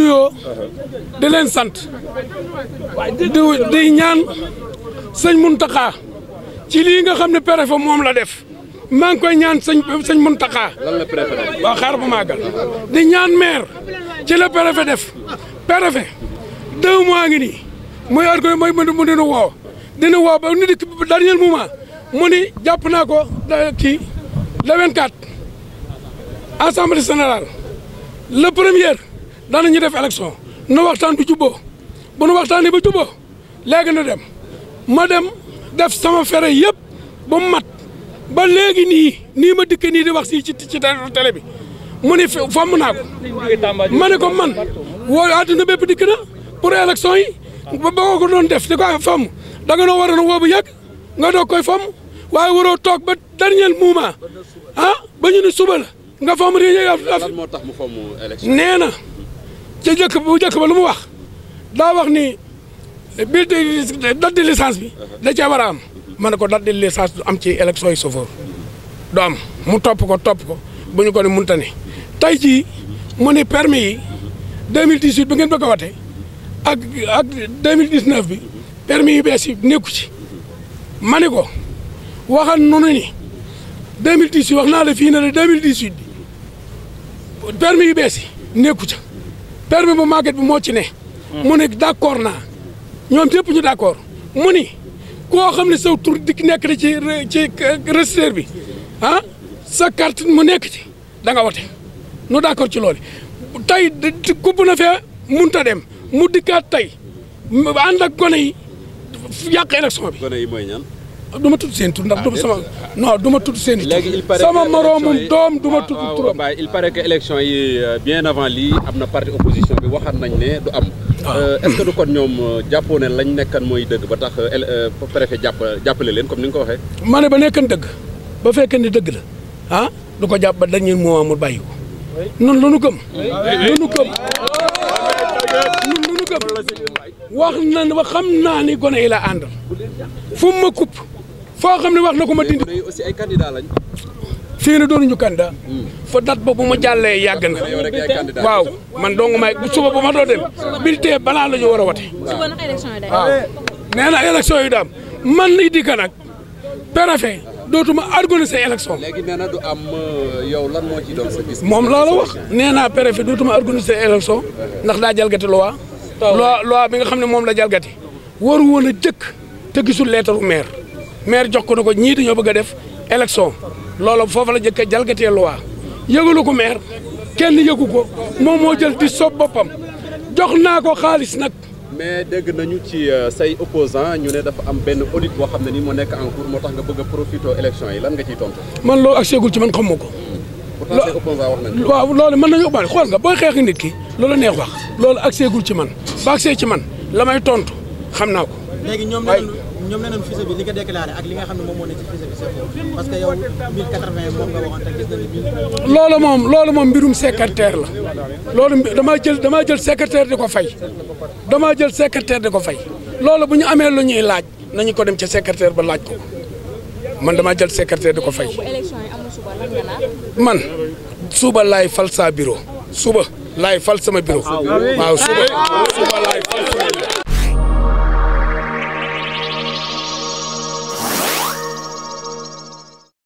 nuyoo di sant di di ñaan sëñ Muntaxa ci lii nga xam ne préfet moom la def maa ngi koy ñaan sëñ sëñ Muntaxa waaw xaar bu màggal di ñaan maire ci la préfet def préfet deux mois ngi nii muy ar koy mooy mu dinu woo dinu woo ba ni dikk dernier moment mu ni jàpp naa ko kii le 24 assemblée générale la premier daanañu def élection na waxtaan bi jubboo bu nu waxtaanee ba jubboo léegi na dem ma dem def sama fere yëpp ba mu mat ba léegi nii nii ma dikk nii di wax si ci ci télé bi mu ni fomm naa ko ma ne ko man woo àdduna bépp dikk na pour élection yi ba boo ko doon def di ko fomm da nga noo waroon woo bu yàgg nga doog koy fom waaye waroo toog ba dernier moment ah ba ñu ne suba la nga fomm réunion yi nee na ce jëkk bu jëkk ba lu mu wax daa wax ni biir de date de licence bi da cee war a am ma ne ko date de licence du am ci élection yi chauffeur mu topp ko topp ko bu ñu ko ne munta ne tey jii mu ni permis yi 2018 bi ngeen bëgg a wate ak ak 2019 bi permis yu bees yi nekku ci ma ni ko waxal nunu ni 2018 wax naa la fii ne la 2018 bi permis yu bees yi nekku ca permi mu màgget bi moo ci ne. Hmm. mu ne d' accord naa ñoom ñëpp ñu d' accord mu ni koo xam ne saw tur di nekk na ci ci bi ah sa carte mu nekk ci da nga wote nu d' accord ci loolu tey kubb na fee ta dem mu dikkaat tey ànd ak gone yi yàq élection bi. gone mooy ñan. du ma tudd seen tur ndax ah, du sama non du ma tudd seen tur sama moroomum doom du ma ah, tudd ah, turam il paraît que élection yi euh, bien avant lii am na parti opposition bi waxaat nañ ne du am euh, est-ce que du kon ñoom euh, jàppoo ne lañ nekkan mooy dëgg ba tax préfet jàpp jàppale leen comme ni ko waxee ma ne ba nekkan dëgg ba fekkee ne dëgg la ah du ko jàpp ba dañuy moo mu bàyyi ko noonu lu nu gëm lu nu gëm ñun lu nu gëm wax na ba xam naa ni gone yi la àndal fu ma kupp foo xam ne wax na ko ma dindi. aussi ay candidat lañ. fii na doonuñu candidat. Hmm. fa date boobu ma jàllee yàgg na. waaw man dong maay bu suba bu ma doo dem. bulletin balaa la ñu war a wote. suba nag élection yi nee na élection yu daam man lii di nag préfet dootuma organiser élection. léegi na du am euh, yow lan moo ci doon gis. moom laa la wax nee naa préfet dootuma organiser élection ndax daa jalgati loi. loi bi nga xam ne moom la jalgati waru woon a jëkk te gisul leetaru maire. maire jox ko na ko ñii dañoo bëgg a def élection loolu foofu la jëkk a jalgatee loi yëgalu ko maire kenn yëgu ko moom moo jël di sob boppam jox naa ko xaalis nag. mais dégg nañu ci euh, say opposant ñu ne dafa am benn audit boo xam ne nii moo nekk en cours moo tax nga bëgg a profité élection yi lan nga ciy tontu. man loolu ak seegul ci man ma ko. pourtant say opposant wax nañu waaw loolu mën nañu ubbaale xool nga booy xeex nit ki loolu neex wax loolu ak seegul ci man ba ak see ci man la may tontu xam naa ko. ñoom nee nañu fichier bi li nga ak li xam ne moom moo ne ci fichier bi c'est moom nga waxoon loolu moom loolu moom mbirum secrétaire la loolu damaa jël damaa jël secrétaire di ko fay damaa jël secrétaire di ko fay loolu bu ñu amee lu ñuy laaj nañu ko dem ca secrétaire ba laaj ko man damaa jël secrétaire di ko fay man suba laay fal sa bureau suba laay fal sama bureau ah waaw suba suba laay fal sama bureau